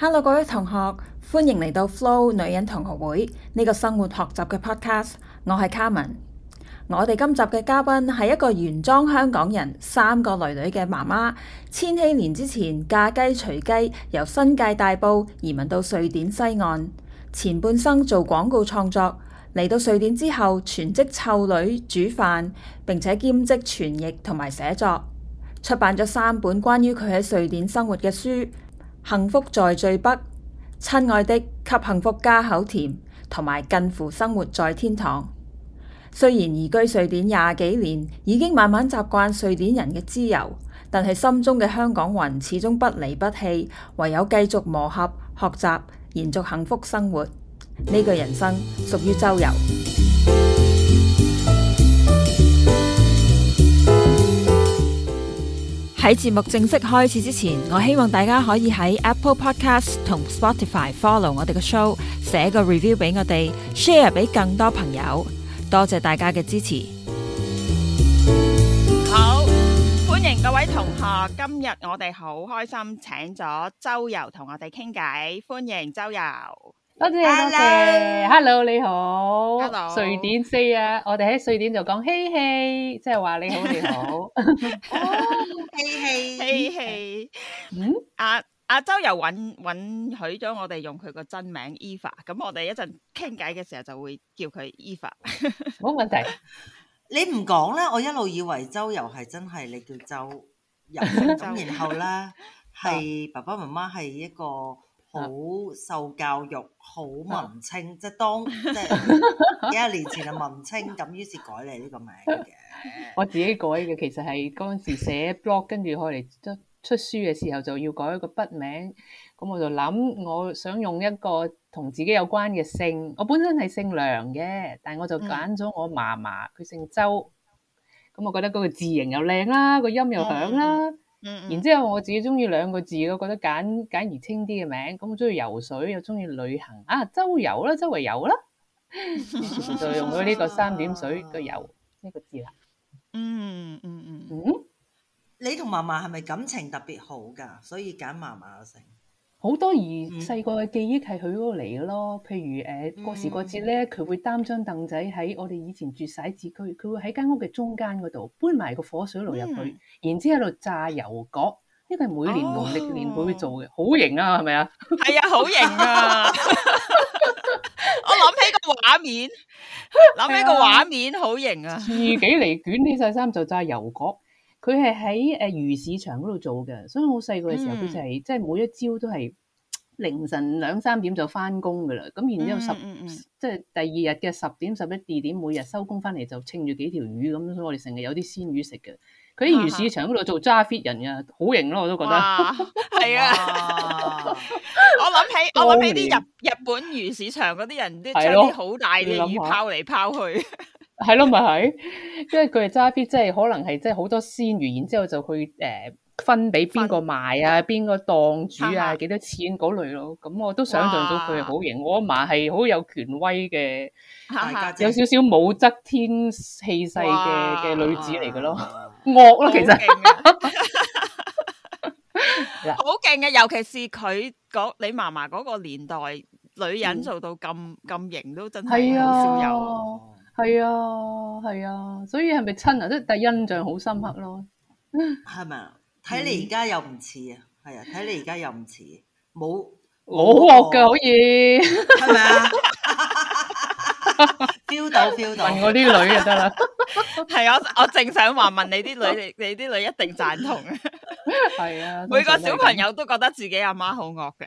hello，各位同學，歡迎嚟到 Flo 女人同學會呢、這個生活學習嘅 podcast，我係 Carmen。我哋今集嘅嘉賓係一個原裝香港人，三個女女嘅媽媽，千禧年之前嫁雞隨雞，由新界大埔移民到瑞典西岸。前半生做廣告創作，嚟到瑞典之後全職湊女煮飯，並且兼職傳譯同埋寫作，出版咗三本關於佢喺瑞典生活嘅書。幸福在最北，親愛的，給幸福加口甜，同埋近乎生活在天堂。雖然移居瑞典廿幾年，已經慢慢習慣瑞典人嘅滋油，但係心中嘅香港魂始終不離不棄，唯有繼續磨合、學習，延續幸福生活。呢、這個人生屬於周遊。喺節目正式開始之前，我希望大家可以喺 Apple Podcast 同 Spotify follow 我哋嘅 show，寫個 review 俾我哋，share 俾更多朋友。多謝大家嘅支持。好，歡迎各位同學。今日我哋好開心，請咗周游同我哋傾偈。歡迎周游。多謝多謝,謝,謝，Hello 你好，瑞典 Hello. 四 a 啊，我哋喺瑞典就講嘿嘿，即係話你好你好，嘿嘿嘿嘿。阿、啊、阿周游允允許咗我哋用佢個真名 Eva，咁我哋一陣傾偈嘅時候就會叫佢 Eva。冇 問題，你唔講咧，我一路以為周游係真係你叫周游，然後咧係爸爸媽媽係一個。好受教育，好文青，啊、即係當即係幾廿年前就文青，咁 於是改你呢個名嘅。 我自己改嘅，其實係嗰陣時寫 blog，跟住後嚟出出書嘅時候就要改一個筆名，咁我就諗我想用一個同自己有關嘅姓，我本身係姓梁嘅，但係我就揀咗我嫲嫲，佢、嗯、姓周，咁我覺得嗰個字形又靚啦，個音又響啦。嗯嗯、然之後我自己中意兩個字咯，我覺得簡簡而清啲嘅名，咁我中意游水又中意旅行，啊周游啦，啊，周圍游啦，啊，就 用咗呢個三點水個遊呢個字啦。嗯嗯嗯嗯，嗯，你同嫲嫲係咪感情特別好噶？所以揀嫲嫲成。好多而細個嘅記憶係佢嗰度嚟嘅咯，譬如誒、呃、過時過節咧，佢會擔張凳仔喺我哋以前住徙置區，佢會喺間屋嘅中間嗰度搬埋個火水爐入去，嗯、然之後喺度炸油角，呢個係每年農曆、哦、年會做嘅，好型啊，係咪啊？係啊，好型啊！ 我諗起個畫面，諗起個畫面好型啊！ 自己嚟捲起晒衫就炸油角。佢係喺誒魚市場嗰度做嘅，所以我細個嘅時候，佢就係即係每一朝都係凌晨兩三點就翻工噶啦。咁然之後十即係第二日嘅十點十一二點，每日收工翻嚟就清住幾條魚咁，所以我哋成日有啲鮮魚食嘅。佢喺魚市場嗰度做揸 fit 人呀，好型咯，我都覺得。係啊，哇 我諗起年我諗起啲日日本魚市場嗰啲人都揸啲好大嘅魚拋嚟拋去。係咯，咪係，因為佢係揸啲，即係可能係即係好多鮮魚，然之後就去誒分俾邊個賣啊，邊個檔主啊，幾多錢嗰類咯。咁我都想象到佢係好型，我阿嫲係好有權威嘅，有少少武則天氣勢嘅嘅女子嚟嘅咯，惡咯其實，好勁啊，尤其是佢嗰，你嫲嫲嗰個年代，女人做到咁咁型都真係好少有。係啊，係啊，啊，所以係咪親啊？即係第一印象好深刻咯。係咪啊？睇你而家又唔似啊，係啊，睇你而家又唔似，冇我，我惡嘅好似像，係咪啊？ 丟到丟到，問我啲女就得啦。係我我正想話問你啲女，你你啲女一定贊同。係啊，每個小朋友都覺得自己阿媽好惡嘅。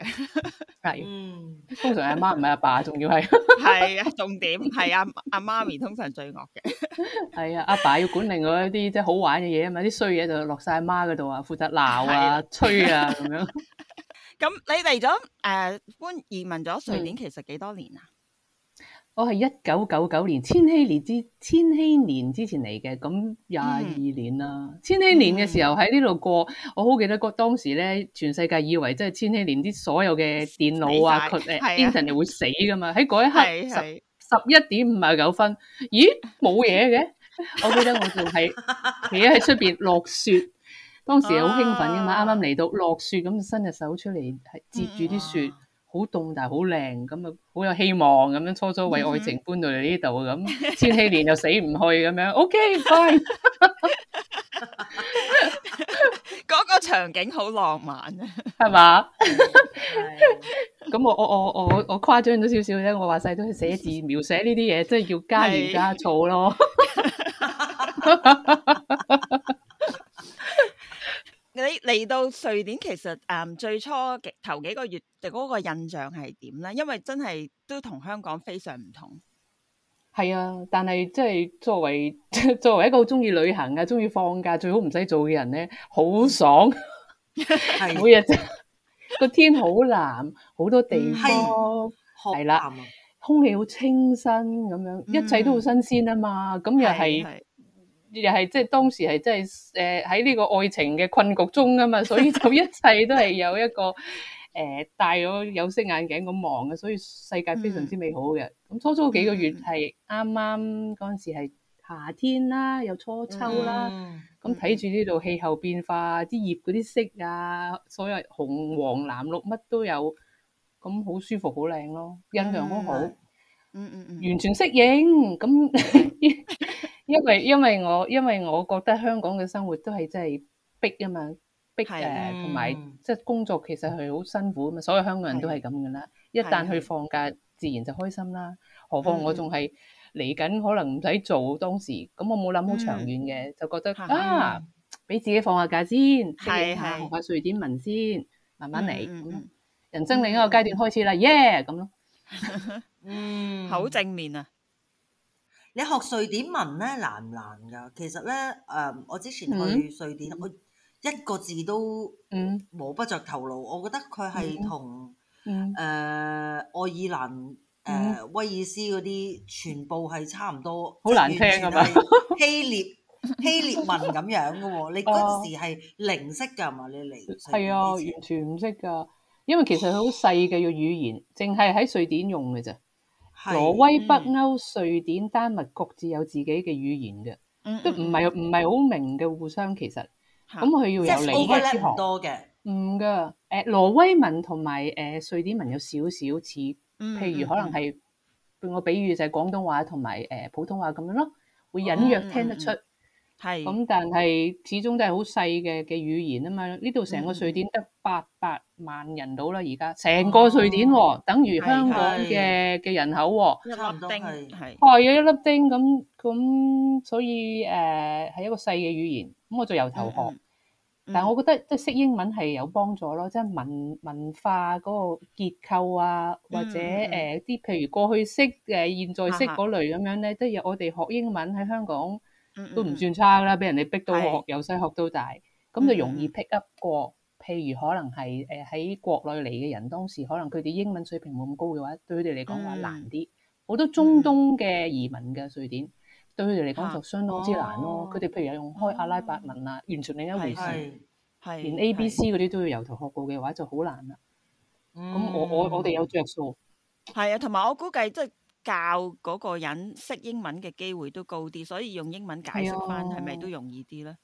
係，嗯，通常阿媽唔係阿爸，仲要係。係啊，重點係啊阿媽咪通常最惡嘅。係啊，阿爸要管另外一啲即係好玩嘅嘢，啊嘛，啲衰嘢就落晒阿媽嗰度啊，負責鬧啊、催啊咁樣。咁你嚟咗誒，搬移民咗瑞典，其實幾多年啊？我係一九九九年千禧年之千禧年之前嚟嘅，咁廿二年啦。嗯、千禧年嘅時候喺呢度過，我好記得嗰當時咧，全世界以為即係千禧年啲所有嘅電腦啊，誒 internet 會死噶嘛。喺嗰的一刻十十一點五十九分，咦冇嘢嘅， 我記得我仲係企喺出邊落雪， 當時好興奮噶嘛，啱啱嚟到落雪咁，伸隻手出嚟係接住啲雪。嗯啊好凍，但係好靚，咁啊，好有希望，咁樣初初為愛情搬到嚟呢度，咁、mm hmm. 千禧年又死唔去，咁樣，OK，拜，嗰 個場景好浪漫，係嘛？咁我我我我我誇張咗少少啫，我話晒都係寫字描寫呢啲嘢，即係要加鹽加醋咯。 你嚟到瑞典，其實誒，最初嘅頭幾個月，嗰個印象係點咧？因為真係都同香港非常唔同。係啊，但係即係作為作為一個好中意旅行啊、中意放假、最好唔使做嘅人咧，好爽。係，每日真個天好藍，好多地方係啦，空氣好清新咁樣，一切都好新鮮啊嘛。咁又係。又係即係當時係真係誒喺呢個愛情嘅困局中啊嘛，所以就一切都係有一個誒戴咗有色眼鏡咁望嘅，所以世界非常之美好嘅。咁、嗯、初初幾個月係啱啱嗰陣時係夏天啦，又初秋啦，咁睇住呢度氣候變化，啲葉嗰啲色啊，所有紅黃藍綠乜都有，咁好舒服，好靚咯，印象都好，嗯嗯，嗯嗯嗯嗯完全適應咁。 因為因為我因為我覺得香港嘅生活都係真係逼啊嘛，逼誒，同埋即係工作其實係好辛苦啊嘛，所有香港人都係咁噶啦。一旦去放假，自然就開心啦。何況我仲係嚟緊，可能唔使做，當時咁我冇諗好長遠嘅，就覺得啊，俾自己放下假先，即係同埋瑞典文先，慢慢嚟。嗯，人生另一個階段開始啦，耶咁咯。嗯，好正面啊！你學瑞典文咧難唔難㗎？其實咧，誒、嗯 uh, 我之前去瑞典，嗯、我一個字都摸不着頭腦。我覺得佢係同誒愛爾蘭、誒、uh, 威爾斯嗰啲全部係差唔多，好難聽㗎。係希臘 希臘文咁樣嘅喎，你嗰時係零識㗎嘛？你嚟係啊，完全唔識㗎。因為其實好細嘅語語言，淨係喺瑞典用嘅啫。是挪威、北歐、嗯、瑞典、丹麥，各自有自己嘅語言嘅，嗯嗯、都唔係唔係好明嘅互相其實。咁佢是要有理解之行。多嘅。唔㗎，誒，挪威文同埋誒瑞典文有少少似，譬如可能係，俾、嗯嗯、我比喻就係廣東話同埋誒普通話咁樣咯，會隱約聽得出、嗯。嗯嗯係，咁但係始終都係好細嘅嘅語言啊嘛。呢度成個瑞典得八百萬人到啦，而家成個瑞典等於香港嘅嘅人口，一粒丁係，一粒丁。咁咁，所以誒係一個細嘅語言。咁我就由頭學，但係我覺得都識英文係有幫助咯，即係文文化嗰個結構啊，或者誒啲譬如過去式誒，現在式嗰類咁樣咧，都有我哋學英文喺香港。都唔算差啦，俾人哋逼到學是由細學到大，咁就容易 pick up 過。譬如可能係誒喺國內嚟嘅人，當時可能佢哋英文水平冇咁高嘅話，對佢哋嚟講話難啲。好、嗯、多中東嘅移民嘅瑞典，對佢哋嚟講就相當之難咯、哦。佢哋、哦、譬如用開阿拉伯文啊，嗯、完全另一回事。係，連 A、B、C 嗰啲都要由頭學過嘅話就，就好難啦。咁我我我哋有着數。係啊，同埋我估計即係。教嗰個人識英文嘅機會都高啲，所以用英文解釋翻，係咪、啊、都容易啲咧？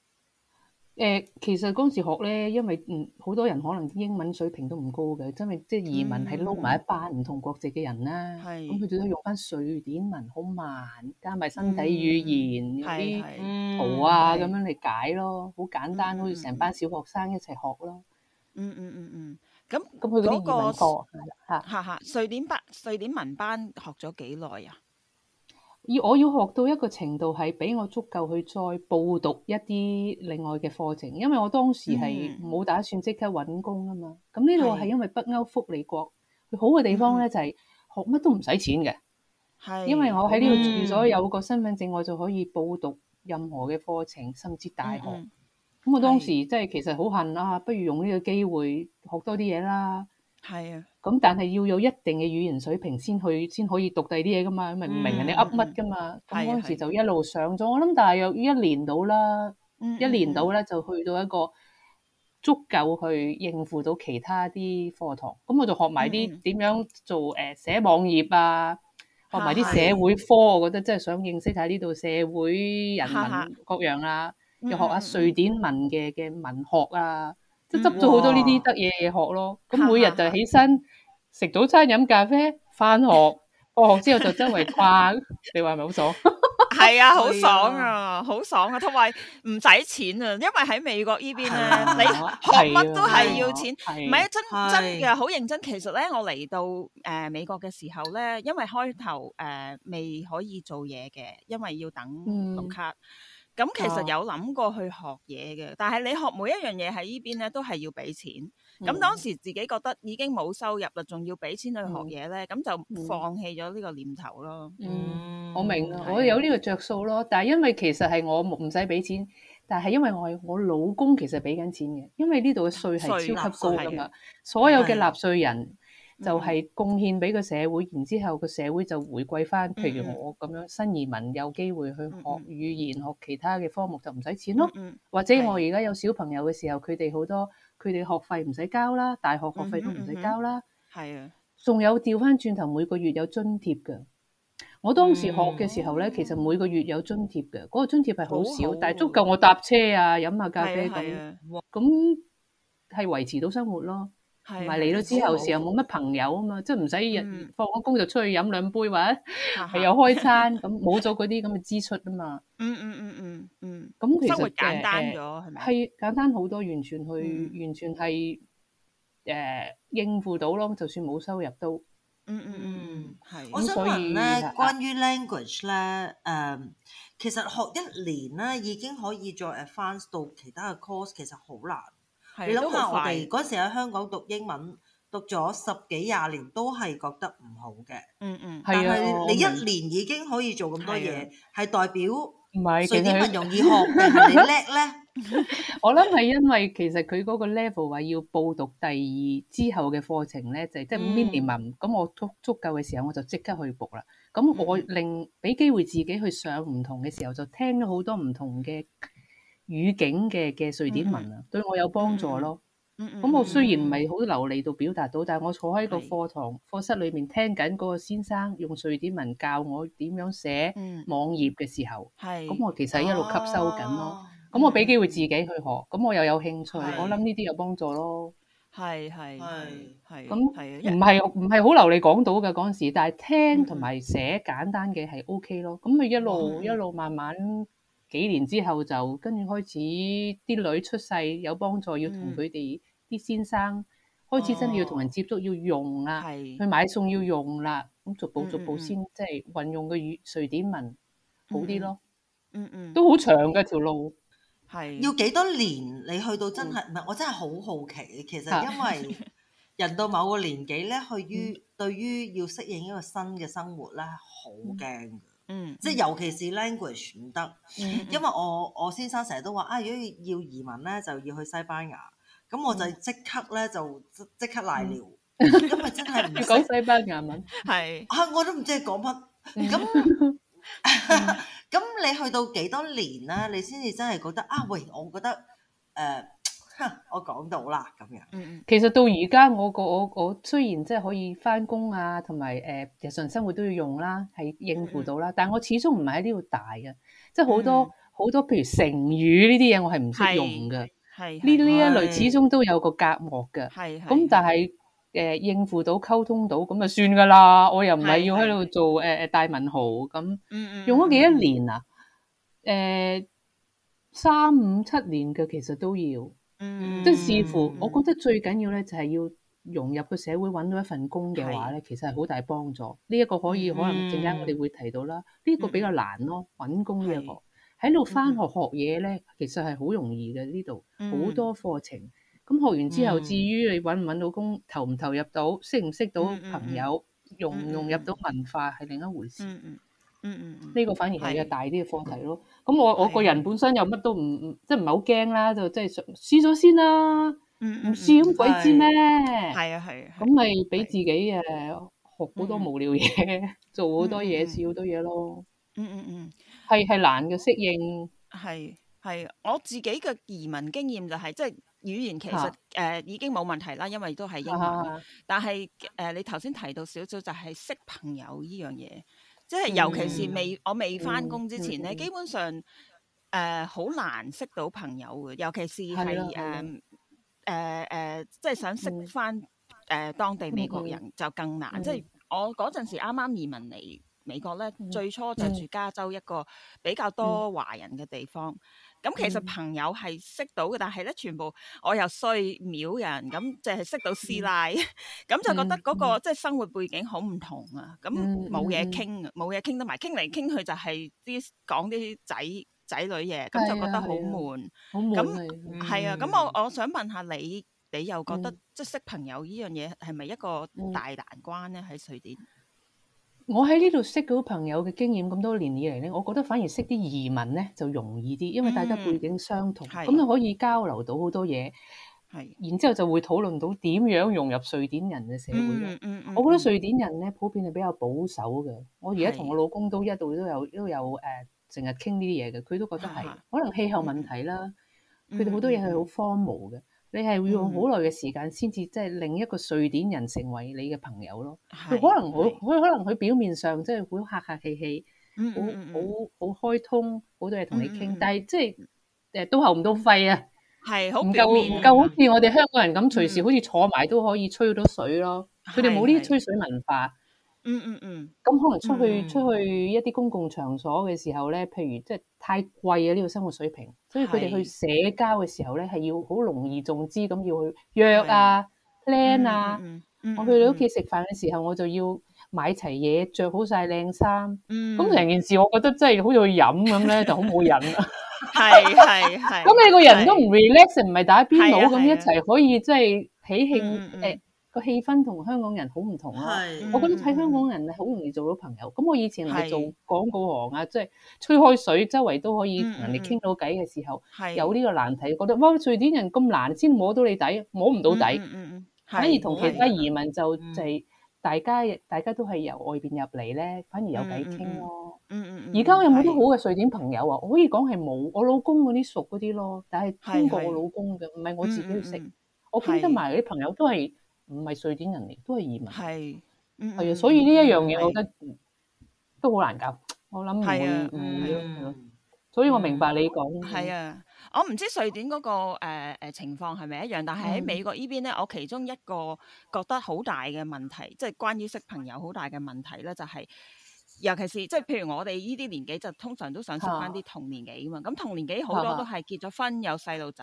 誒、呃，其實嗰時學咧，因為嗯好多人可能英文水平都唔高嘅，因為即係、就是、移民係撈埋一班唔同國籍嘅人啦。咁佢最多用翻瑞典文，好慢，加埋身體語言嗰啲、嗯嗯、圖啊咁樣嚟解，解咯，好簡單，好似成班小學生一齊學咯。嗯，嗯嗯嗯嗯。咁咁佢嗰啲移民課嚇嚇，瑞典班瑞典文班學咗幾耐啊？要我要學到一個程度係俾我足夠去再報讀一啲另外嘅課程，因為我當時係冇、嗯、打算即刻揾工啊嘛。咁呢度係因為北歐福利國，是佢好嘅地方咧、嗯、就係學乜都唔使錢嘅，係是因為我喺呢度住咗有個身份證，嗯、我就可以報讀任何嘅課程，甚至大學。嗯咁我當時真係其實好恨啊，不如用呢個機會學多啲嘢啦。係啊，咁但係要有一定嘅語言水平先去，先可以讀第啲嘢噶嘛。明唔明？人哋噏乜噶嘛？咁嗰陣時就一路上咗，我諗大約一年到啦，一年到咧就去到一個足夠去應付到其他啲課堂。咁我就學埋啲點樣做誒寫網頁啊，學埋啲社會科。我覺得真係想認識下呢度社會人民各樣啦。又學下瑞典文嘅嘅文學啊，即係執咗好多呢啲得嘢嘢學咯。咁每日就起身食早餐飲咖啡，返學，放學之後就周圍逛。你話係咪好爽？係啊，好爽啊，好爽啊！同埋唔使錢啊，因為喺美國呢邊咧，你學乜都係要錢，唔係真真嘅好認真。其實咧，我嚟到誒美國嘅時候咧，因為開頭誒未可以做嘢嘅，因為要等綠卡。咁、嗯、其實有諗過去學嘢嘅，但係你學每一樣嘢喺呢邊咧，都係要俾錢。咁、嗯、當時自己覺得已經冇收入啦，仲要俾錢去學嘢咧，咁、嗯、就放棄咗呢個念頭咯。嗯，我明啊，我有呢個着數咯。但係因為其實係我唔使俾錢，但係因為我我老公其實俾緊錢嘅，因為呢度嘅稅係超級高㗎嘛，稅稅所有嘅納稅人。就係貢獻俾個社會，然之後個社會就回饋翻。譬如我咁樣新移民有機會去學語言、學其他嘅科目就唔使錢咯。或者我而家有小朋友嘅時候，佢哋好多佢哋學費唔使交啦，大學學費都唔使交啦。係啊，仲有調翻轉頭每個月有津貼嘅。我當時學嘅時候咧，其實每個月有津貼嘅，嗰個津貼係好少，但係足夠我搭車啊、飲下咖啡咁，咁係維持到生活咯。係，埋嚟到之後，時候冇乜朋友啊嘛，即係唔使日放咗工就出去飲兩杯話，係又開餐，咁冇咗嗰啲咁嘅支出啊嘛。嗯嗯嗯嗯嗯，咁其實生活簡單咗係咪？係簡單好多，完全去，完全係誒應付到咯，就算冇收入都。嗯嗯嗯，係。我想問咧，關於 language 咧，誒，其實學一年咧已經可以再 advanced 到其他嘅 course，其實好難。你諗下，我哋嗰時喺香港讀英文，讀咗十幾廿年都係覺得唔好嘅。嗯嗯，但係你一年已經可以做咁多嘢，係代表唔係其實唔容易學嘅，你叻咧。我諗係因為其實佢嗰個 level 話要報讀第二之後嘅課程咧，就係即係 minimum。咁我足足夠嘅時候，我就即刻去報啦。咁我令俾機會自己去上唔同嘅時候，就聽咗好多唔同嘅。語境嘅嘅瑞典文啊，對我有幫助咯。咁我雖然唔係好流利到表達到，但係我坐喺個課堂課室裏面聽緊嗰個先生用瑞典文教我點樣寫網頁嘅時候，咁我其實一路吸收緊咯。咁我俾機會自己去學，咁我又有興趣，我諗呢啲有幫助咯。係係係，咁唔係唔係好流利講到嘅嗰陣時，但係聽同埋寫簡單嘅係 OK 咯。咁咪一路一路慢慢。幾年之後就跟住開始啲女出世有幫助，要同佢哋啲先生開始真係要同人接觸，哦、要用啦，係，去買餸要用啦。咁逐步逐步先即係運用嘅瑞瑞典文好啲咯。嗯嗯，嗯嗯都好長㗎條路。係要幾多年？你去到真係唔係？我真係好好奇。其實因為人到某個年紀咧，去於、嗯、對於要適應一個新嘅生活咧，好驚。嗯，即係尤其是 language 選得，嗯嗯，因為我我先生成日都話啊，如、哎、果要移民咧，就要去西班牙，咁我就即刻咧就即刻瀨尿，咁咪真係唔識講西班牙文，係是啊，我都唔知講乜，咁咁、嗯、 你去到幾多年啦？你先至真係覺得啊，喂，我覺得誒。呃 我講到啦，咁樣，嗯嗯，其實到而家我個我我雖然即係可以返工啊，同埋誒日常生活都要用啦，係應付到啦。但係我始終唔係喺呢度大嘅，即係好多好、嗯、多，譬如成語呢啲嘢，我係唔識用嘅，係呢呢一類始終都有個隔膜嘅，係咁。但係誒、呃、應付到溝通到咁就算噶啦，我又唔係要喺度做誒大、呃、文豪咁、嗯，嗯嗯，用咗幾多年啊？誒、嗯嗯嗯，三五七年嘅其實都要。即係視乎，我覺得最緊要咧，就係要融入個社會，揾到一份工嘅話咧，其實係好大幫助。呢一個可以可能陣間我哋會提到啦。呢個比較難咯，揾工呢一個喺度返學學嘢咧，其實係好容易嘅。呢度好多課程。咁學完之後，至於你揾唔揾到工，投唔投入到，識唔識到朋友，融唔融入到文化，係另一回事。嗯嗯，呢、 這個反而係有大啲嘅課題咯。咁是我我個人本身又乜都唔即係唔係好驚啦，就即係想試咗先啦。嗯，唔試咁鬼知咩？係啊係啊，咁咪俾自己誒學好多無聊嘢，做好多嘢，試好多嘢咯。嗯嗯嗯，係係難嘅適應。係係，我自己嘅移民經驗就係、是，即係語言其實誒已經冇問題啦，因為都係英文。 但係誒，uh, 你頭先提到少少就係識朋友呢樣嘢。即係尤其是未、嗯、我未翻工之前咧，嗯嗯、基本上誒好、呃、難識到朋友嘅，尤其是係誒誒誒，即係想識翻誒、嗯呃、當地美國人就更難。即係、嗯、我嗰陣時啱啱移民嚟美國咧，嗯、最初就住加州一個比較多華人嘅地方。嗯嗯咁、嗯、其實朋友係識到嘅，但係咧全部我又衰秒人，咁淨係識到師奶，咁、嗯嗯、 就覺得嗰、那個即係、嗯嗯、生活背景好唔同啊。咁冇嘢傾，冇嘢傾得埋，傾嚟傾去就係啲講啲仔仔女嘢，咁就覺得好悶。好、啊、悶。咁係啊。咁我、嗯、我想問下你，你又覺得、嗯、即係、işte, 識朋友呢樣嘢係咪一個大難關咧？喺瑞典。我喺呢度識到朋友嘅經驗，咁多年以嚟咧，我覺得反而識啲移民咧就容易啲，因為大家背景相同，咁、嗯、就可以交流到好多嘢。係的，然之後就會討論到點樣融入瑞典人嘅社會。嗯嗯嗯，嗯嗯我覺得瑞典人咧普遍係比較保守嘅。我而家同我老公都一度都有都有誒，成日傾呢啲嘢嘅，佢都覺得係的可能氣候問題啦。佢哋好多嘢係好荒蕪嘅。你係會用好耐嘅時間先至，即係另一個瑞典人成為你嘅朋友咯。佢是可能佢佢是可能佢表面上即係會客客氣氣，嗯、好、嗯、好好開通，好多嘢同你傾，嗯、但係即係誒都喉唔到肺啊，係好唔夠唔夠好似我哋香港人咁隨時好似坐埋都可以吹到水咯。佢哋冇呢啲吹水文化。嗯嗯嗯，咁可能出去出去一啲公共場所嘅時候咧，譬如即係太貴啊，呢個生活水平，所以佢哋去社交嘅時候咧，係要好隆而重之咁要去約啊 plan 啊。我去你屋企食飯嘅時候，我就要買齊嘢，着好晒靚衫。咁成件事，我覺得真係好似去飲咁咧，就好冇癮。係係係，咁你個人都唔 relax，唔係打邊爐咁一齊，可以即係喜慶誒。個氣氛同香港人好唔同啊！我覺得睇香港人好容易做到朋友。咁我以前係做廣告行啊，即係吹開水，周圍都可以同人哋傾到偈嘅時候，有呢個難題，覺得哇！瑞典人咁難先摸到你底，摸唔到底。反而同其他移民就就係大家大家都係由外邊入嚟咧，反而有偈傾咯。而家有冇啲好嘅瑞典朋友啊？我可以講係冇，我老公嗰啲熟嗰啲咯，但係通過我老公嘅，唔係我自己去識。我傾得埋啲朋友都係，唔係瑞典人嚟，都係移民人。係是，係啊，所以呢一樣嘢，我覺得都好難搞。的我諗唔啊，唔會咯。嗯、的所以我明白你講。係啊，我唔知瑞典嗰、那個誒誒、呃、情況係咪一樣，但係喺美國呢邊咧，我其中一個覺得好大嘅問題，即係的關於識朋友好大嘅問題咧，就係、是。尤其是即係，譬如我哋呢啲年紀，就通常都想接返啲同年紀噶嘛。咁同、啊、年紀好多都係結咗婚，有細路仔，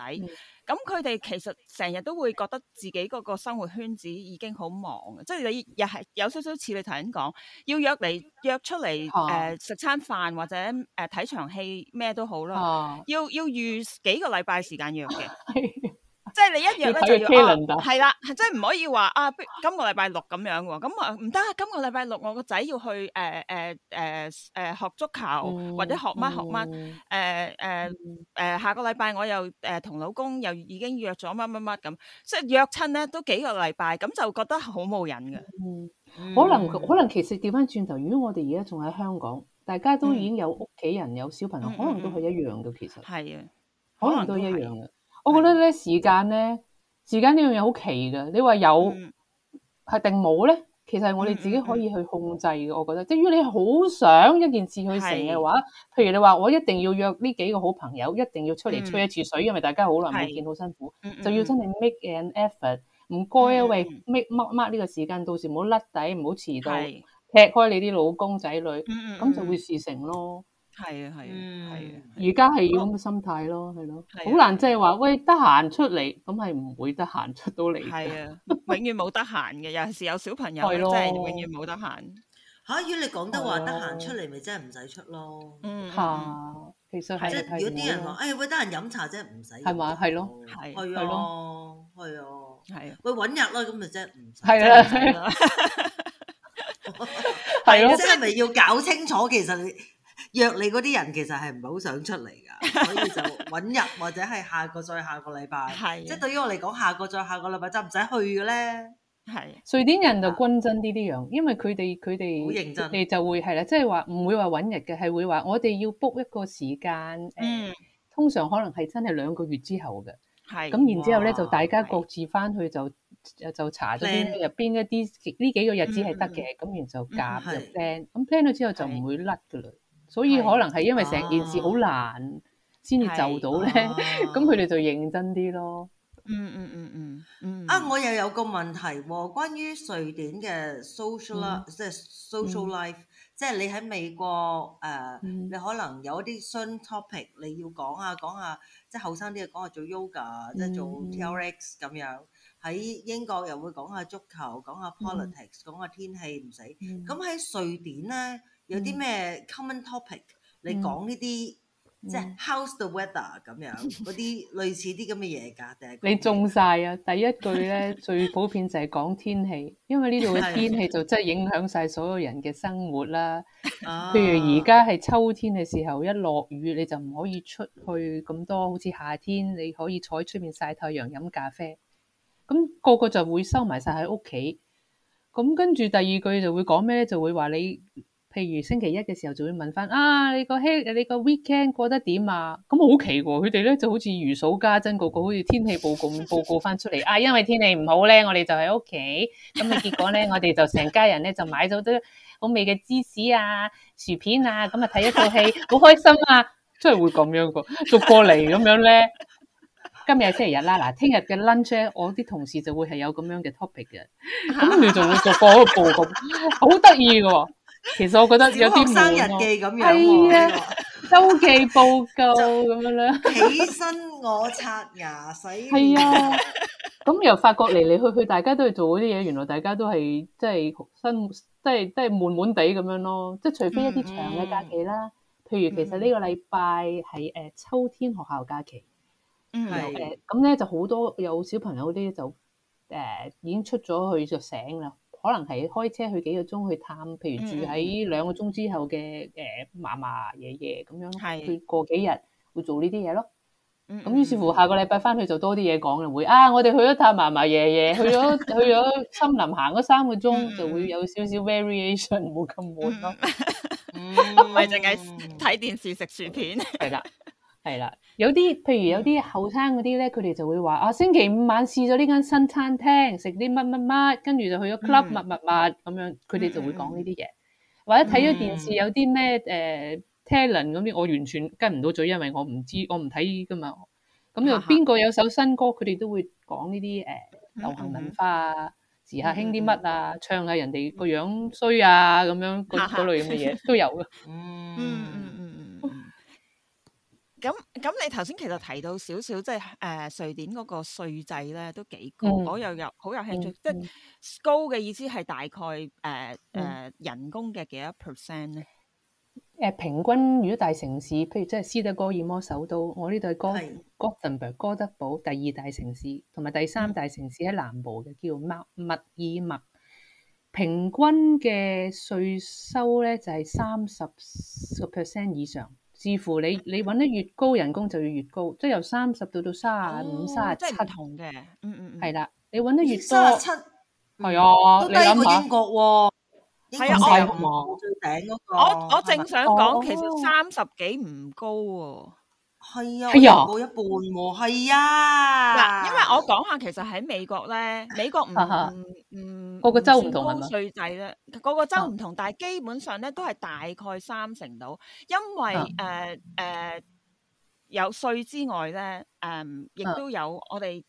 咁佢哋其實成日都會覺得自己嗰個生活圈子已經好忙，即係你又係有少少似你頭先講，要約嚟約出嚟誒食餐飯或者誒睇、呃、場戲咩都好啦、啊，要要預幾個禮拜時間約嘅。 即係你一樣咧就要啊，係啦，即係唔可以話啊今，今個禮拜六咁樣喎。咁啊唔得，今個禮拜六我個仔要去誒誒誒誒學足球，或者學乜學乜誒誒誒下個禮拜我又誒同、呃、老公又已經約咗乜乜乜咁，即係約親咧都幾個禮拜，咁就覺得好冇癮嘅。嗯嗯、可能可能其實調翻轉頭，如果我哋而家仲喺香港，大家都已經有屋企人、有小朋友，可能都係一樣嘅。其實係啊，可能都係一樣嘅。我覺得咧時間咧時間呢樣嘢好奇㗎，你話有係定冇咧？其實係我哋自己可以去控制嘅。我覺得，即係如果你好想一件事去成嘅話，是譬如你話我一定要約呢幾個好朋友，一定要出嚟吹一次水，因為大家好耐冇見，好是辛苦，是就要真係 make an effort。唔該啊，喂，make mark mark 呢個時間，到時唔好甩底，唔好遲到，踢是開你啲老公仔女，咁是就會事成咯。係啊係啊，係啊！而家係要咁嘅心態咯，係咯，好難即係話喂，得閒出嚟咁係唔會得閒出到嚟。係啊，永遠冇得閒嘅，尤其是有小朋友，即係永遠冇得閒。吓，如果你講得話，得閒出嚟咪真係唔使出咯。嗯，其實即係有啲人話，哎喂，得閒飲茶即係，唔使係嘛，係咯，係係咯，係啊，係啊。喂，搵日咯咁即係，唔使係啊，係咯，即係咪要搞清楚其實？約你嗰啲人其實係唔係好想出嚟㗎，所以就揾日或者係下個再下個禮拜。係即係對於我嚟講，下個再下個禮拜就唔使去嘅咧。係瑞典人就均真啲啲樣，因為佢哋佢哋認真，佢哋就會係啦，即係話唔會話揾日嘅，係會話我哋要 book 一個時間。嗯，通常可能係真係兩個月之後嘅。係咁然之後咧，就大家各自翻去就就查咗邊入邊一啲呢幾個日子係得嘅，咁然就夾就 plan。咁 plan 咗之後就唔會甩㗎啦。所以可能係因為成件事好難先至就到咧，咁佢哋就認真啲咯。嗯嗯嗯嗯嗯。啊，我又有個問題喎、哦，關於瑞典嘅 social，即係 social life，、嗯、即係、嗯、你喺美國誒，呃嗯、你可能有一啲新 topic 你要講啊講下，即係後生啲嘅講下做 yoga，即係做 trx 咁樣。喺英國又會講下足球，講下 politics，講、嗯、下天氣唔使。咁喺、嗯嗯、瑞典咧？嗯、有啲咩 common topic？你講呢啲即係 how's、嗯、the weather 咁樣嗰啲、嗯、類似啲咁嘅嘢噶？定係你中晒啊？第一句咧 最普遍就係講天氣，因為呢度嘅天氣就真係影響晒所有人嘅生活啦。譬 如而家係秋天嘅時候，一落雨你就唔可以出去咁多，好似夏天你可以坐喺出面曬太陽飲咖啡。咁、那個個就會收埋晒喺屋企。咁跟住第二句就會講咩咧？就會話你。譬如星期一嘅時候，就會問翻啊，你個你個 weekend 過得點啊？咁好奇噶喎，佢哋咧就好似如數家珍，個個好似天氣報告咁報告翻出嚟。啊，因為天氣唔好咧，我哋就喺屋企。咁嘅結果咧，我哋就成家人咧就買咗啲好味嘅芝士啊、薯片啊，咁啊睇一套戲，好開心啊！真係會咁樣個，逐過嚟咁樣咧。今日星期日啦，嗱，聽日嘅 lunch 我啲同事就會係有咁樣嘅 topic 嘅，咁你就要逐個喺度報告，好得意噶。其實我覺得有啲學生日記咁樣，係啊，周記報告咁樣咧。起身我刷牙，洗。係啊，咁又發覺嚟嚟去去，大家都係做嗰啲嘢。原來大家都係即係新，都係都係悶悶地咁樣咯。即係除非一啲長嘅假期啦。譬如其實呢個禮拜係誒秋天學校假期。嗯。誒，咁咧就好多有小朋友啲就誒已經出咗去就醒啦。可能係開車去幾個鐘去探，譬如住喺兩個鐘之後嘅誒嫲嫲爺爺咁樣，去是過幾日會做呢啲嘢咯。咁於、嗯、是乎下個禮拜翻去就多啲嘢講啦，會啊我哋去咗探嫲嫲爺爺，去咗去咗森林行咗三個鐘，嗯、就會有少少 variation，冇咁悶咯，唔係淨係睇電視食薯片。係啦。係啦，有啲譬如有啲後生嗰啲咧，佢哋就會話啊，星期五晚試咗呢間新餐廳，食啲乜乜乜，跟住就去咗 club 乜乜乜咁樣，佢哋就會講呢啲嘢，或者睇咗電視有啲咩誒、呃、talent 咁啲，我完全跟唔到嘴，因為我唔知，我唔睇噶嘛。咁又邊個有首新歌，佢哋都會講呢啲誒流行文化啊，時下興啲乜啊，唱下人哋個樣衰啊咁樣嗰嗰類咁嘅嘢都有噶。 嗯。咁咁，你頭先其實提到少少，即係誒、呃、瑞典嗰個稅制咧，都幾高，我又有好有興趣。嗯、即係高嘅意思係大概誒誒、呃嗯、人工嘅幾多 percent 咧？誒、呃、平均，如果大城市，譬如即係斯德哥爾摩首都，我呢度哥是哥德堡、哥德堡第二大城市，同埋第三大城市喺南部嘅叫麥麥爾麥，平均嘅稅收咧就係三十十 percent 以上。似乎你，你揾得越高，人工就要越高，即係由三十到到三廿五、三廿七同嘅，嗯嗯嗯，係啦，你揾得越多，三廿七，係、嗯、啊，嗯嗯、的都低過英國喎、哦，係啊，我唔係我我正想講，哦、其實三十幾唔高喎、哦。係啊，高一倍係啊。嗱，因為我講下，其實喺美國咧，美國唔唔，個個州唔同係嘛，稅制咧，個個州唔同， 但係基本上咧都係大概三成度，因為誒誒、 呃呃、有稅之外咧，誒、呃、亦都有 我哋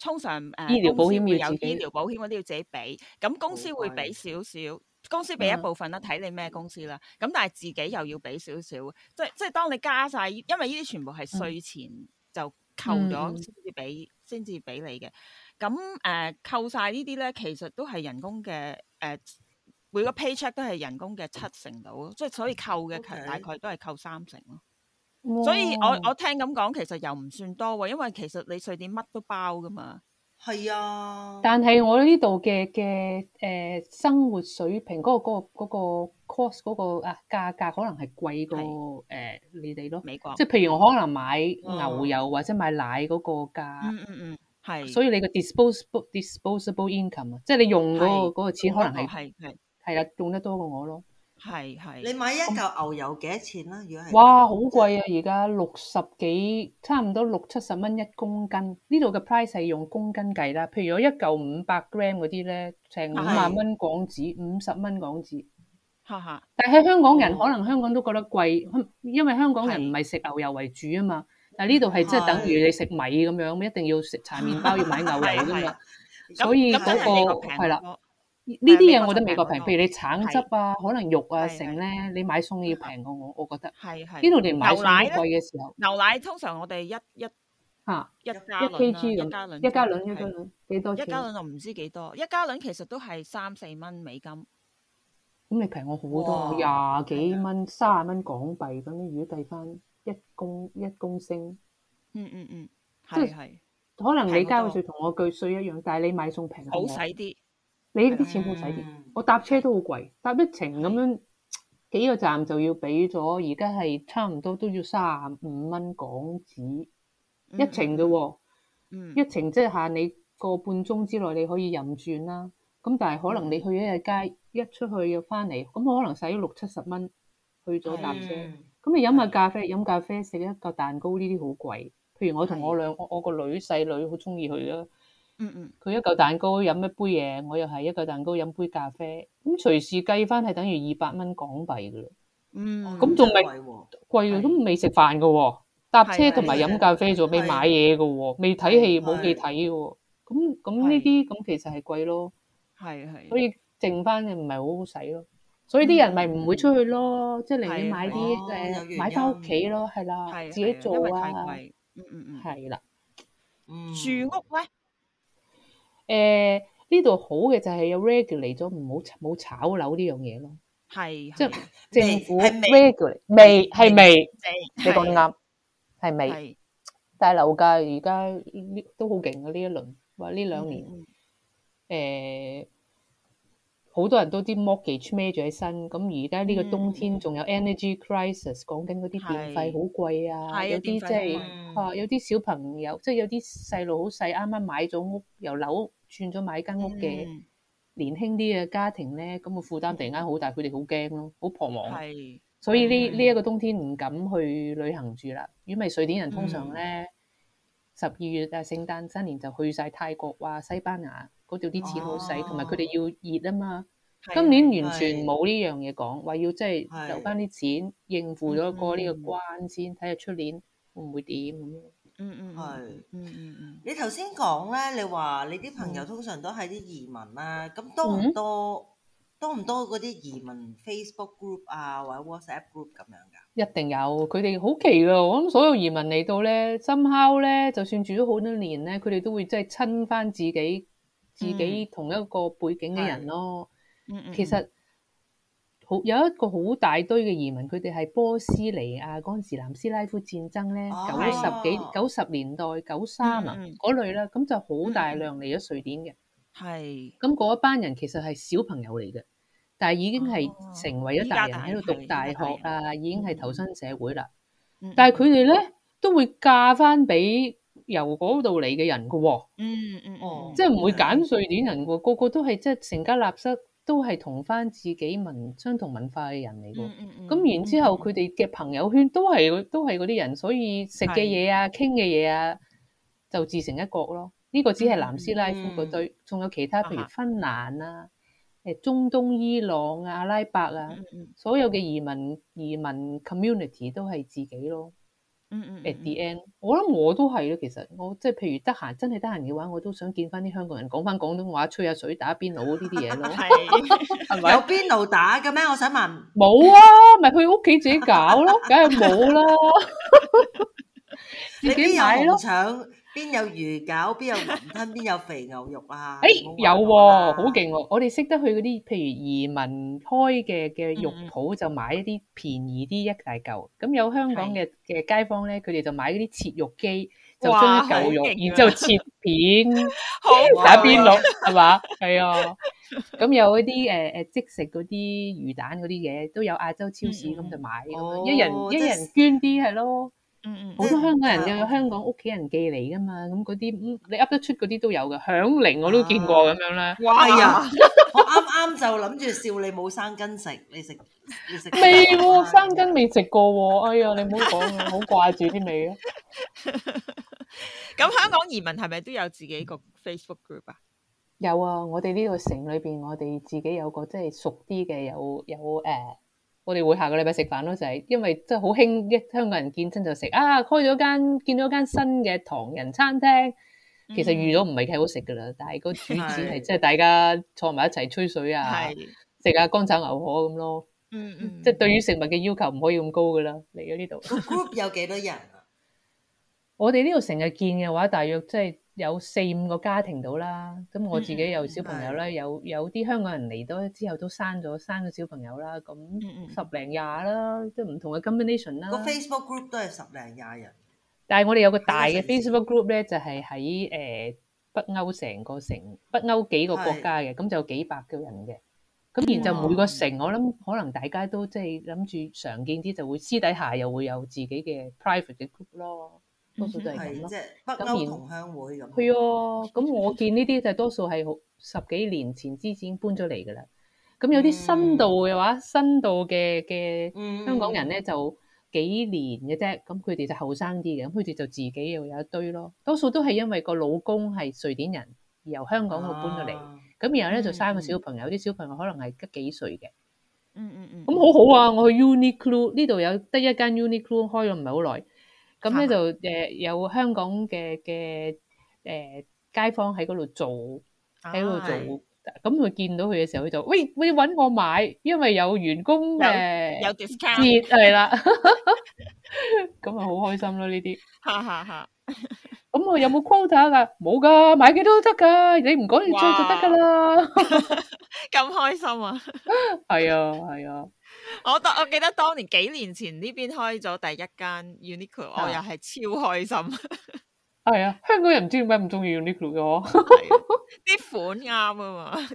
通常誒，公司會有醫療保險嗰啲要自己俾，咁公司會俾少少。 公司俾一部分啦，睇 Yeah. 你咩公司啦。咁但係自己又要俾少少，即係即係當你加晒，因為呢啲全部係稅前、mm. 就扣咗先至俾，先至俾你嘅。咁、嗯、誒扣晒呢啲咧，其實都係人工嘅誒、呃，每個 paycheck 都係人工嘅七成到，即係所以扣嘅大概都係扣三成咯。Okay. 所以我我聽咁講，其實又唔算多喎，因為其實你稅點乜都包噶嘛。係啊，但係我呢度嘅嘅誒生活水平嗰個嗰個嗰個 cost 嗰個啊價格可能係貴過誒係、呃、你哋咯，美國，即係譬如我可能買牛油或者買奶嗰個價，嗯嗯嗯，係，所以你個 disposable 係 disposable income 啊，即係你用嗰個嗰個係錢可能係係係啦，用得多過我咯。係係，是是你買一嚿牛油幾多錢啦？如果係，哇，好貴啊！而家六十幾，差唔多六七十蚊一公斤。呢度嘅 price 係用公斤計啦。譬如有一嚿五百 gram 嗰啲咧，成五萬蚊港紙，五十蚊港紙。吓吓！但係香港人、哦、可能香港都覺得貴，因為香港人唔係食牛油為主啊嘛。但係呢度係即係等於你食米咁樣，一定要食柴麵包要買牛油啊嘛。所以嗰、嗰個係啦。的呢啲嘢我覺得美國平，譬如你橙汁啊，可能肉啊成咧，你買餸要平過我，我覺得。係係。呢度你買餸都貴嘅時候。牛奶通常我哋一一吓一加崙啦，一加崙一加崙一加崙幾多錢？一加崙就唔知幾多，一加崙其實都係三四蚊美金。咁你平我好多，廿幾蚊，卅蚊港幣，咁如果計翻一公一公升，嗯嗯嗯，係係，可能你交稅同我巨稅一樣，但係你買餸平。好使啲。你啲錢好使啲，我搭車都好貴，搭一程咁樣幾個站就要俾咗，而家係差唔多都要三十五蚊港紙一程嘅喎。一程、哦嗯、一程即係限你個半鐘之內你可以任轉啦。咁但係可能你去一日街一出去又翻嚟，咁我可能使咗六七十蚊去咗搭車。咁的你飲下咖啡，飲的咖啡食一個蛋糕，呢啲好貴。譬如我同我兩個的我，我個女細女好中意去啦。嗯嗯，佢一嚿蛋糕飲一杯嘢，我又係一嚿蛋糕飲杯咖啡，咁隨時計翻係等於二百蚊港幣噶啦。嗯，咁仲未貴喎，貴啊，咁未食飯噶喎，搭車同埋飲咖啡仲未買嘢噶喎，未睇戲冇戲睇喎，咁咁呢啲咁其實係貴咯，係，係，所以剩翻嘅唔係好好使咯，所以啲人咪唔會出去咯，即係寧願買啲誒買翻屋企咯，係啦，自己做啊，嗯嗯嗯，係啦，住屋咧。誒，呢度、呃、好嘅就係有 regulate 咗，唔好冇炒樓呢樣嘢咯。係，即係政府 regulate 未係未？你講啱係未？但係樓價而家都好勁嘅呢一輪，話呢兩年誒。嗯呃好多人都啲 mortgage 孭住喺身，咁而家呢個冬天仲有 energy crisis，講緊嗰啲電費好貴啊。的有啲即係，有啲小朋友、嗯、即係有啲細路好細，啱啱、嗯、買咗屋，由樓轉咗買間屋嘅年輕啲嘅家庭咧，咁個負擔突然間好大，佢哋好驚咯，好彷徨。係，的所以呢呢一個冬天唔敢去旅行住啦。因為瑞典人通常咧。嗯十二月啊，聖誕新年就去晒泰國話西班牙嗰度啲錢好使，同埋佢哋要熱啊嘛。的今年完全冇呢樣嘢講，話的要即係留翻啲錢的應付咗過呢個關先，睇下出年會唔會點咁樣。嗯嗯，係，嗯嗯嗯。你頭先講咧，你話你啲朋友通常都係啲移民啦，咁多唔多？嗯、多唔多嗰啲移民 Facebook group 啊，或者 WhatsApp group 咁樣㗎？一定有，佢哋好奇咯。我諗所有移民嚟到咧，深烤咧，就算住咗好多年咧，佢哋都會即係親返自己，嗯、自己同一個背景嘅人咯。嗯嗯、其實好有一個好大堆嘅移民，佢哋係波斯尼亞，嗰陣時南斯拉夫戰爭咧，九十、哦、幾九十年代九三啊，嗰、嗯、類啦，咁就好大量嚟咗瑞典嘅。係。咁嗰一班人其實係小朋友嚟嘅。但係已經係成為咗大人喺度讀大學啊，已經係投身社會啦。但係佢哋咧都會嫁翻俾由嗰度嚟嘅人嘅喎。嗯嗯哦，即係唔會揀瑞典人喎，個個都係即係成家立室都係同翻自己文相同文化嘅人嚟嘅。咁然之後佢哋嘅朋友圈都係都係嗰啲人，所以食嘅嘢啊、傾嘅嘢啊，就自成一國咯。呢個只係南斯拉夫嗰堆，仲有其他譬如芬蘭啊。誒，中東、伊朗啊、阿拉伯啊，所有嘅移民移民 community 都係自己咯。嗯嗯，at the end，我諗我都係咯，其實我即係譬如得閒，真係得閒嘅話，我都想見翻啲香港人，講翻廣東話，吹下水，打邊爐呢啲嘢咯。係，有邊爐打嘅咩？我想問，冇啊，咪去屋企自己搞咯，梗係冇咯。自己買咯。邊有魚餃，邊有雲吞，邊有肥牛肉啊！誒，有喎，好勁喎！我哋識得去嗰啲，譬如移民開嘅嘅肉鋪，就買一啲便宜啲一大嚿。咁有香港嘅嘅街坊咧，佢哋就買嗰啲切肉機，就將啲牛肉，然之後切片打邊爐，係嘛？係啊。咁有一啲誒誒即食嗰啲魚蛋嗰啲嘢，都有亞洲超市咁就買，一人一人捐啲係咯。嗯嗯，好多香港人有香港屋企人寄嚟噶嘛，咁嗰啲你噏得出嗰啲都有嘅，響鈴我都見過咁樣啦。哇呀，我啱啱就諗住笑你冇生根食，你食要食未？生根未食過喎，哎呀，你唔好講啊，好掛住啲味啊。咁香港移民係咪都有自己個 Facebook group 啊？有啊，我哋呢度城裏邊，我哋自己有個即係熟啲嘅，有有誒。我哋會下個禮拜食飯咯，就係、是、因為都好興，一香港人見親就食啊！開咗間，見到間新嘅唐人餐廳，其實預咗唔係幾好食噶啦，但係個主旨係即係大家坐埋一齊吹水啊，食下乾炒牛河咁咯。嗯嗯，即係對於食物嘅要求唔可以咁高噶啦，嚟咗呢度。個 group 有幾多人啊？我哋呢度成日見嘅話，大約即係，有四五個家庭到啦，咁我自己有小朋友啦，有有啲香港人嚟到之後都生咗生咗小朋友啦，咁十零廿啦，即係唔同嘅 combination 啦。個 Facebook group 都係十零廿人，但係我哋有個大嘅 Facebook group 咧，就係喺誒北歐成個城，北歐幾個國家嘅，咁就幾百個人嘅。咁然就每個城，我諗可能大家都即係諗住常見啲，就會私底下又會有自己嘅 private 嘅 group 咯。多數都係咁咯，北歐同鄉會咁。係哦，咁、啊、我見呢啲就多數係好十幾年前之前搬咗嚟噶啦。咁有啲新到嘅話，嗯、新到嘅嘅香港人咧就幾年嘅啫。咁佢哋就後生啲嘅，咁佢哋就自己又有一堆咯。多數都係因為個老公係瑞典人，而由香港度搬咗嚟。咁、啊、然後咧就生個小朋友，啲、嗯、小朋友可能係得幾歲嘅、嗯。嗯嗯嗯。咁好好啊！我去 Uniqlo 呢度有得一間 Uniqlo 開咗唔係好耐。咁咧就誒有香港嘅、嘅誒街坊喺嗰度做，喺度做，咁佢見到佢嘅時候，佢就喂，喂，揾我買，因為有員工嘅有 discount 係啦，咁咪好開心咯，呢啲，哈哈哈！咁我有冇 quota 㗎？冇㗎，買幾多都得㗎，你唔講你著就得㗎啦，咁開心啊！係啊，係啊。我當我記得當年，幾年前呢邊開咗第一間 Uniqlo，我又係超開心。係 啊、哎，香港人唔知點解唔中意 Uniqlo 嘅，啲、 哎、款啱啊嘛。係啊、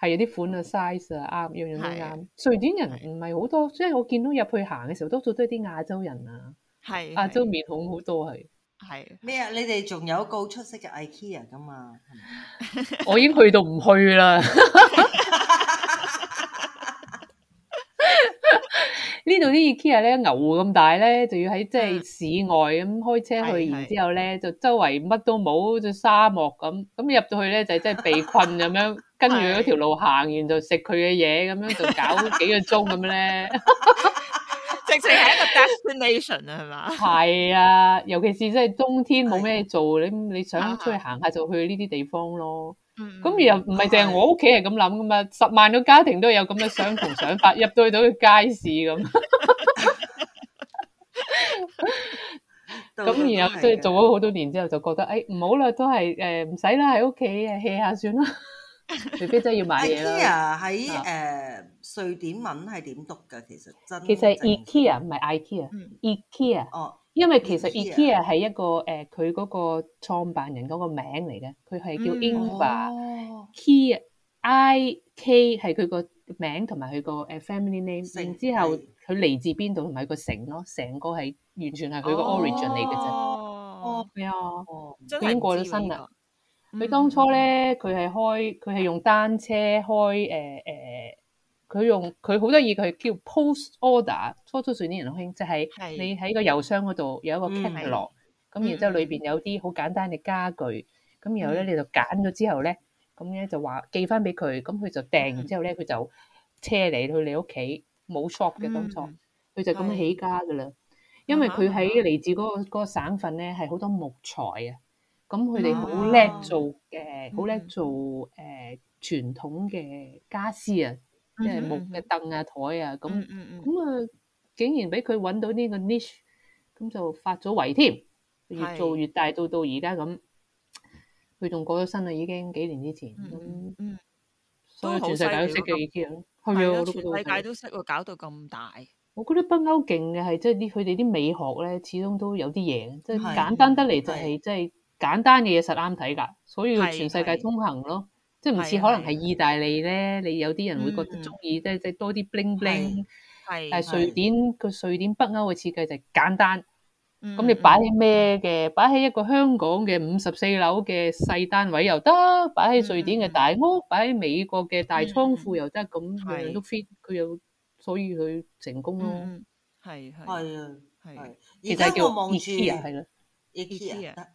哎，啲款啊 size 啊啱，樣、嗯、樣都啱。是瑞典人唔係好多，即係我見到入去行嘅時候，多數都係啲亞洲人啊，係亞洲面孔好多係。係咩啊？你哋仲有一個出色嘅 IKEA 噶嘛？ 我已經去到唔去啦。 呢度啲 IKEA 咧，牛咁大咧，就要喺即係市外咁開車去，的然之後咧就周圍乜都冇，就沙漠咁，咁入到去咧就即係被困咁樣，的跟住嗰條路行完就食佢嘅嘢，咁樣就搞幾個鐘咁樣咧， 直情係一個 destination 啊，係嘛？係啊，尤其是即係冬天冇咩做，的你你想出去行下就去呢啲地方咯。咁然又唔係淨係我屋企係咁諗噶嘛，十萬個家庭都有咁嘅相同想法，入到去到個街市咁。咁然後即係做咗好多年之後，就覺得誒唔好啦，都係誒唔使啦，喺屋企 hea 下算啦，除非真係要買嘢啦。喺誒瑞典文係點讀噶？其實真其實 IKEA 唔係 IKEA，IKEA 哦。因為其實 IKEA 係一個誒，佢、呃、嗰個創辦人嗰個名嚟嘅，佢係叫 Inba、嗯哦、k e a I K，係佢個名同埋佢個誒 family name 是。然之後佢嚟自邊度同埋個城咯，成個係完全係佢個 origin 嚟嘅啫。哦，係、嗯、啊、哦，佢 Yeah, 已經過咗身啦。佢、嗯哦、當初咧，佢係開，佢係用單車開誒誒。呃呃佢用佢好得意，佢叫 post order。初初算啲人好興，就係、是、你喺個郵箱嗰度有一個 catalog 咁，然之後裏邊有啲好簡單嘅家具。咁的然後咧你就揀咗之後咧，咁咧就話寄翻俾佢，咁佢就訂，之後咧佢就車嚟去你屋企，冇 shop 嘅，冇錯的，佢就咁起家㗎喇。因為佢喺嚟自嗰、那個那個省份咧，係好多木材啊，咁佢哋好叻做嘅，好叻的、嗯呃、做誒傳、呃呃、統嘅家私啊。即係木嘅凳啊、台啊，咁咁啊，竟然俾佢揾到呢個 niche，咁就發咗圍添，越做越大，到到而家咁，佢仲過咗身啦，已經幾年之前。所以全世界都識嘅，係啊，全世界都識喎，搞到咁大。我覺得北歐勁嘅係即係啲佢哋啲美學咧，始終都有啲嘢，即係簡單得嚟就係即係簡單嘅嘢實啱睇㗎，所以全世界通行咯。即係唔似可能係意大利咧，你有啲人會覺得鍾意，即係即係多啲 bling bling。係，但係瑞典佢瑞典北歐嘅設計就簡單。嗯。咁你擺喺咩嘅？擺喺一個香港嘅五十四樓嘅細單位又得，擺喺瑞典嘅大屋，擺喺美國嘅大倉庫又得，咁樣樣都 fit。佢有，所以佢成功咯。係係。係啊係。其實係叫 IKEA 啊。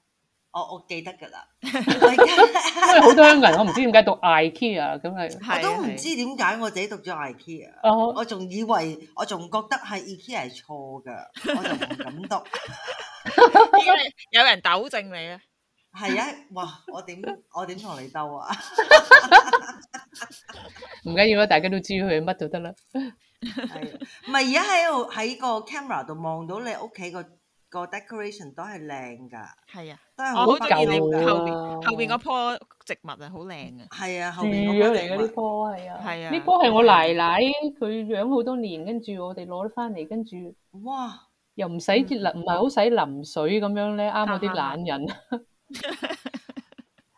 我我記得噶啦， 因為好多香港人，我唔知點解讀 IKEA 啊，咁係，我都唔知點解我自己讀咗 IKEA 啊，我仲以為我仲覺得係 IKEA 係錯噶，我就唔敢讀， 因為有人糾正你咧，係 啊，哇，我點我點同你鬥啊？唔緊要啦，大家都知佢乜就得啦，唔係而家喺度，喺個 camera 度望到你屋企個。個 decoration 都係靚噶，係啊，都係好舊噶。後邊嗰棵植物係好靚啊，係啊，後邊攞嚟嗰啲棵係啊，係啊，呢棵係我奶奶佢養好多年，跟住我哋攞咗翻嚟，跟住哇，又唔使淋，唔係好使淋水咁樣咧，啱我啲懶人。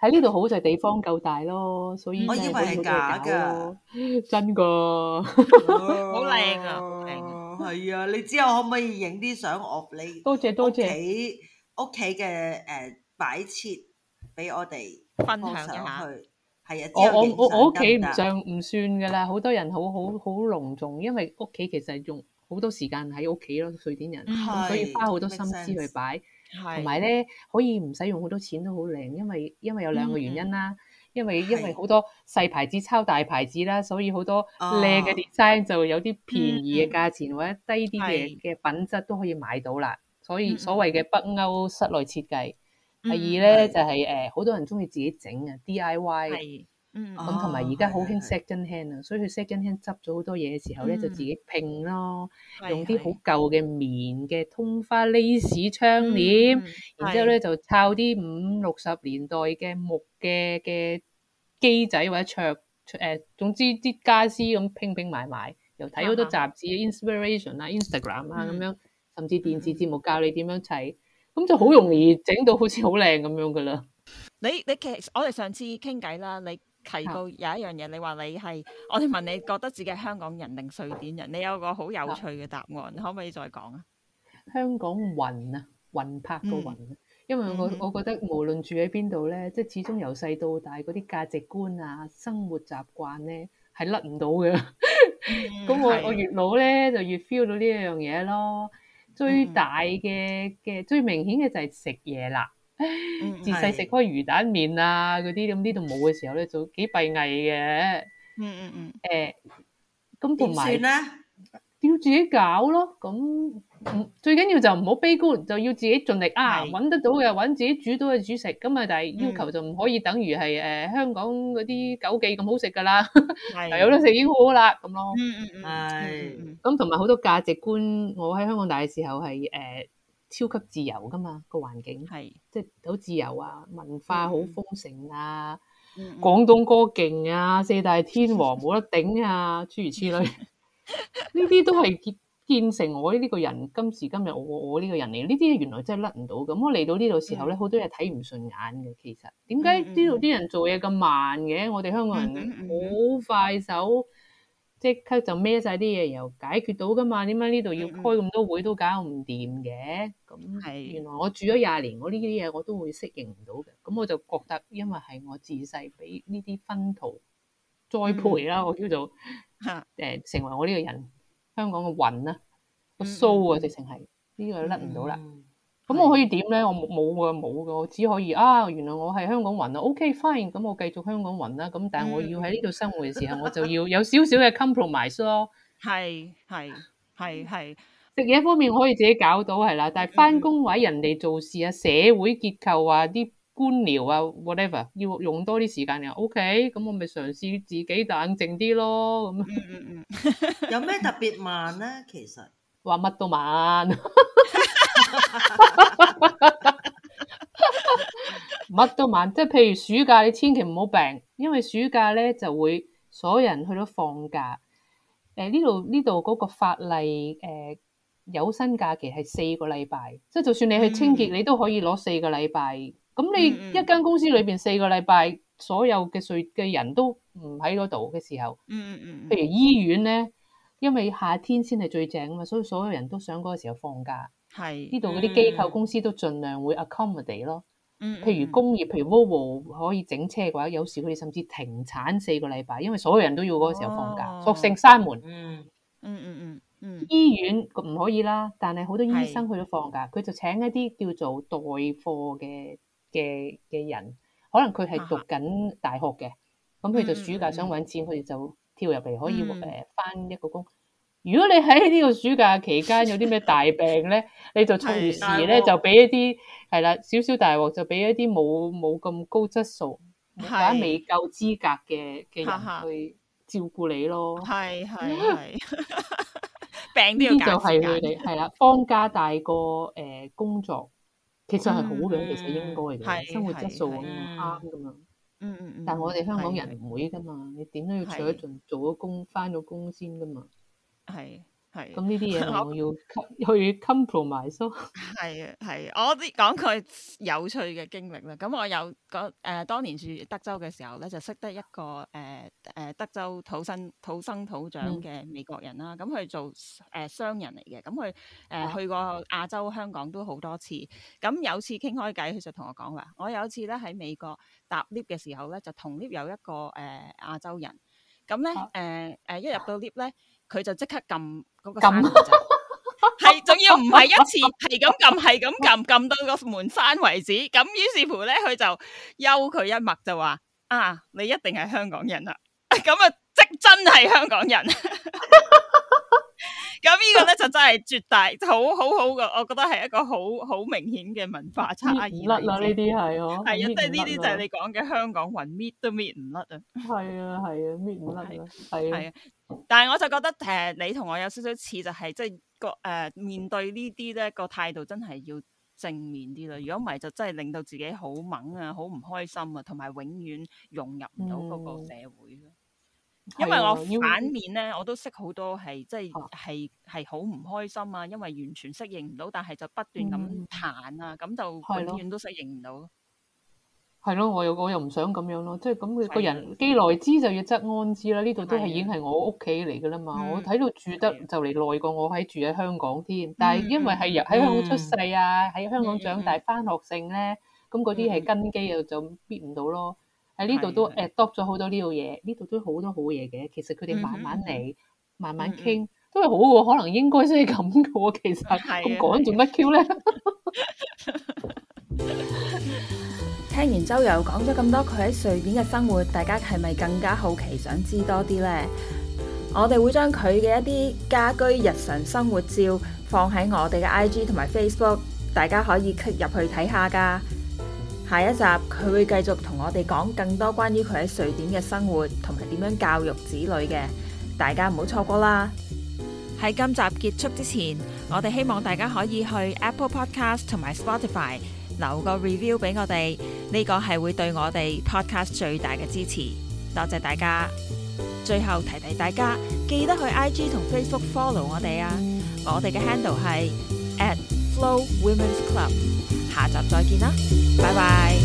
喺呢度好就係地方夠大咯，所以我以為係假噶，真噶，好靚啊！係 啊，你之後可唔可以影啲相？多謝多謝屋企屋企嘅誒擺設俾我哋分享下。係啊，我我我屋企唔上唔算噶啦。好 多人好好好隆重，因為屋企其實用好多時間喺屋企咯。瑞典人所是以花好多心思去擺，同埋咧可以唔使用好多錢都好靚，因為因為有兩個原因啦。嗯因為因為好多細牌子抄大牌子啦，所以好多靚嘅 design 就有啲便宜嘅價錢嗯嗯或者低啲嘅嘅品質都可以買到啦。嗯、所以所謂嘅北歐室內設計，第二咧就係誒好多人鍾意自己整啊，D I Y。嗯 DIY 咁同埋而家好興 second hand 啊，所以佢 second hand 執咗好多嘢嘅時候咧，就自己拼咯，用啲好舊嘅棉嘅通花蕾絲窗簾，然之後咧就抄啲五六十年代嘅木嘅嘅機仔或者桌誒，總之啲傢俬咁拼拼埋埋，又睇好多雜誌 inspiration 啦，Instagram 啊咁樣，甚至電視節目教你點樣砌，咁就好容易整到好似好靚咁樣噶啦。你你其實我哋上次傾偈啦，你，提到有一樣嘢，你話你係，我哋問你覺得自己係香港人定瑞典人？你有個好有趣嘅答案，可唔可以再講啊？香港魂啊，魂魄個魂，嗯、因為我我覺得無論住喺邊度咧，即係、嗯、始終由細到大嗰啲價值觀啊、生活習慣咧係甩唔到嘅。咁、 嗯、 我的我越老咧就越 feel 到呢一樣嘢咯。最大嘅嘅、嗯、最明顯嘅就係食嘢啦。Ooh, 自細食開魚蛋麵啊，嗰啲咁呢度冇嘅時候咧，就幾閉翳嘅。嗯嗯嗯。誒，咁同埋，要自己搞咯。咁最緊要就唔好悲觀，就要自己盡力啊，搵是得到嘅，搵自己煮到嘅主食。咁啊，但係要求就唔可以等於係誒香港嗰啲九記咁好食噶啦。係 有是 得食已經好好啦，咁咯。嗯嗯嗯。係。咁同埋好多價值觀，我喺香港大嘅時候係誒。呃嗯超級自由㗎嘛，個環境係是即係好自由啊，文化好豐盛啊，嗯嗯廣東歌勁啊，四大天王冇得頂啊， 諸如此類。呢 啲都係建建成我呢個人，今時今日我我呢個人嚟。呢啲原來真係甩唔到咁。我嚟到呢度時候咧，好、嗯嗯、多嘢睇唔順眼嘅。其實點解呢度啲人做嘢咁慢嘅？我哋香港人好快手。嗯嗯嗯嗯即刻就孭晒啲嘢又解決到㗎嘛？點解呢度要開咁多會都搞唔掂嘅？咁、嗯嗯、原來我住咗廿年，我呢啲嘢我都會適應唔到嘅。咁、嗯嗯、我就覺得，因為係我自細俾呢啲分土栽培啦，我叫做嚇誒、嗯呃、成為我呢個人香港嘅魂啦，個 soul 啊，直情係呢個甩唔到啦。嗯嗯嗯嗯咁我可以點咧？我冇啊，冇噶，我只可以啊。原來我係香港魂啊，OK fine。咁我繼續香港魂啦。咁但係我要喺呢度生活嘅時候，我就要有少少嘅 compromise 咯。係係係係。食嘢方面我可以自己搞到係啦，但係返工為人哋做事啊，社會結構啊，啲官僚啊，whatever，要用多啲時間又 OK。咁我咪嘗試自己冷靜啲咯。咁有咩特別慢咧？其實話乜都慢。乜 都慢，即係譬如暑假，你千祈唔好病，因為暑假咧就會所有人去到放假。誒、呃，呢度呢度嗰個法例，誒、呃，有薪假期係四個禮拜，即係就算你去清潔，mm hmm. 你都可以攞四個禮拜。咁你一間公司裏邊四個禮拜，所有嘅歲嘅人都唔喺嗰度嘅時候，嗯嗯嗯，譬如醫院咧，因為夏天先係最正啊嘛，所以所有人都想嗰個時候放假。係呢度嗰啲機構公司都盡量會 accommodate 咯，譬、嗯嗯、如工業，譬如 Volvo 可以整車嘅話，有時佢哋甚至停產四個禮拜，因為所有人都要嗰個時候放假，索、哦、性閂門。嗯嗯嗯嗯，嗯嗯嗯醫院唔可以啦，但係好多醫生佢都放假，佢是就請一啲叫做代課嘅嘅嘅人，可能佢係讀緊大學嘅，咁佢、啊、就暑假想揾錢，佢哋就跳入嚟可以誒翻一個工。如果你喺呢個暑假期間有啲咩大病咧，你就隨時咧就俾一啲係啦，少少大鑊就俾一啲冇冇咁高質素或者未夠資格嘅嘅人去照顧你咯。係係，病啲就係佢哋係啦，幫家大個誒工作，其實係好嘅，其實應該嘅，生活質素啱㗎嘛。嗯嗯嗯，但係我哋香港人唔會㗎嘛，你點都要措盡做咗工返咗工先㗎嘛。係係，咁呢啲嘢，我要去 compromise。係啊係啊，我啲講句有趣嘅經歷啦。咁我有個誒，當、呃、年住德州嘅時候咧，就識得一個誒誒、呃、德州土生土生土長嘅美國人啦。咁、啊、佢、嗯嗯、做誒商人嚟嘅，咁佢誒去過亞洲、香港都好多次。咁有次傾開偈，佢就同我講話：我有一次咧喺美國搭 lift 嘅時候咧，就同 lift 有一個誒亞、呃、洲人咁咧，誒誒一入到 lift 咧。呃啊啊佢就即刻撳嗰個，係仲按 要唔係一次，係咁撳，係咁撳撳到個門閂為止，咁於是乎咧，佢就幽佢一默就話啊，你一定係香港人啊。咁啊即真係香港人。 咁 呢個咧 就真係絕大好，好好好嘅，我覺得係一個好好明顯嘅文化差異嚟啦呢啲係，嗬係啊，即係呢啲就係你講嘅香港魂搣都搣唔甩啊！係啊係啊，搣唔甩啊！係啊，但係我就覺得誒、呃，你同我有少少似，就係、是、即係個誒面對呢啲咧、這個態度真係要正面啲啦。如果唔係，就真係令到自己好猛啊，好唔開心啊，同埋永遠融入唔到嗰個社會。嗯因為我反面咧，我都識好多係即係係係好唔開心啊！因為完全適應唔到，但係就不斷咁彈啊，咁就永遠都適應唔到。係咯，我又我又唔想咁樣咯，即係咁佢個人既來之就要則安之啦。呢度都係已經係我屋企嚟噶啦嘛，我睇到住得就嚟耐過我喺住喺香港添。但係因為係喺香港出世啊，喺香港長大翻學性咧，咁嗰啲係根基又就搣唔到咯。喺呢度都 adopt 咗好多呢度嘢，呢度的都好多好嘢嘅。其實佢哋慢慢嚟，嗯嗯慢慢傾、嗯嗯、都係好嘅。可能應該先係咁嘅。其實係。咁講做乜 Q 咧？聽完周游講咗咁多佢喺瑞典嘅生活，大家係咪更加好奇想知多啲咧？我哋會將佢嘅一啲家居日常生活照放喺我哋嘅 IG 同埋 Facebook，大家可以 cut 入去睇下噶。下一集佢會繼續同我哋講更多關於佢喺瑞典嘅生活同埋點樣教育子女嘅，大家唔好錯過啦！喺今集結束之前，我哋希望大家可以去 Apple Podcast 同埋 Spotify 留個 review 俾我哋，呢個係會對我哋 podcast 最大嘅支持，多謝大家！最後提提大家，記得去 IG 同 Facebook follow 我哋啊，我哋嘅 handle 係 at Flow Women’s Club。下集再見啦，拜拜。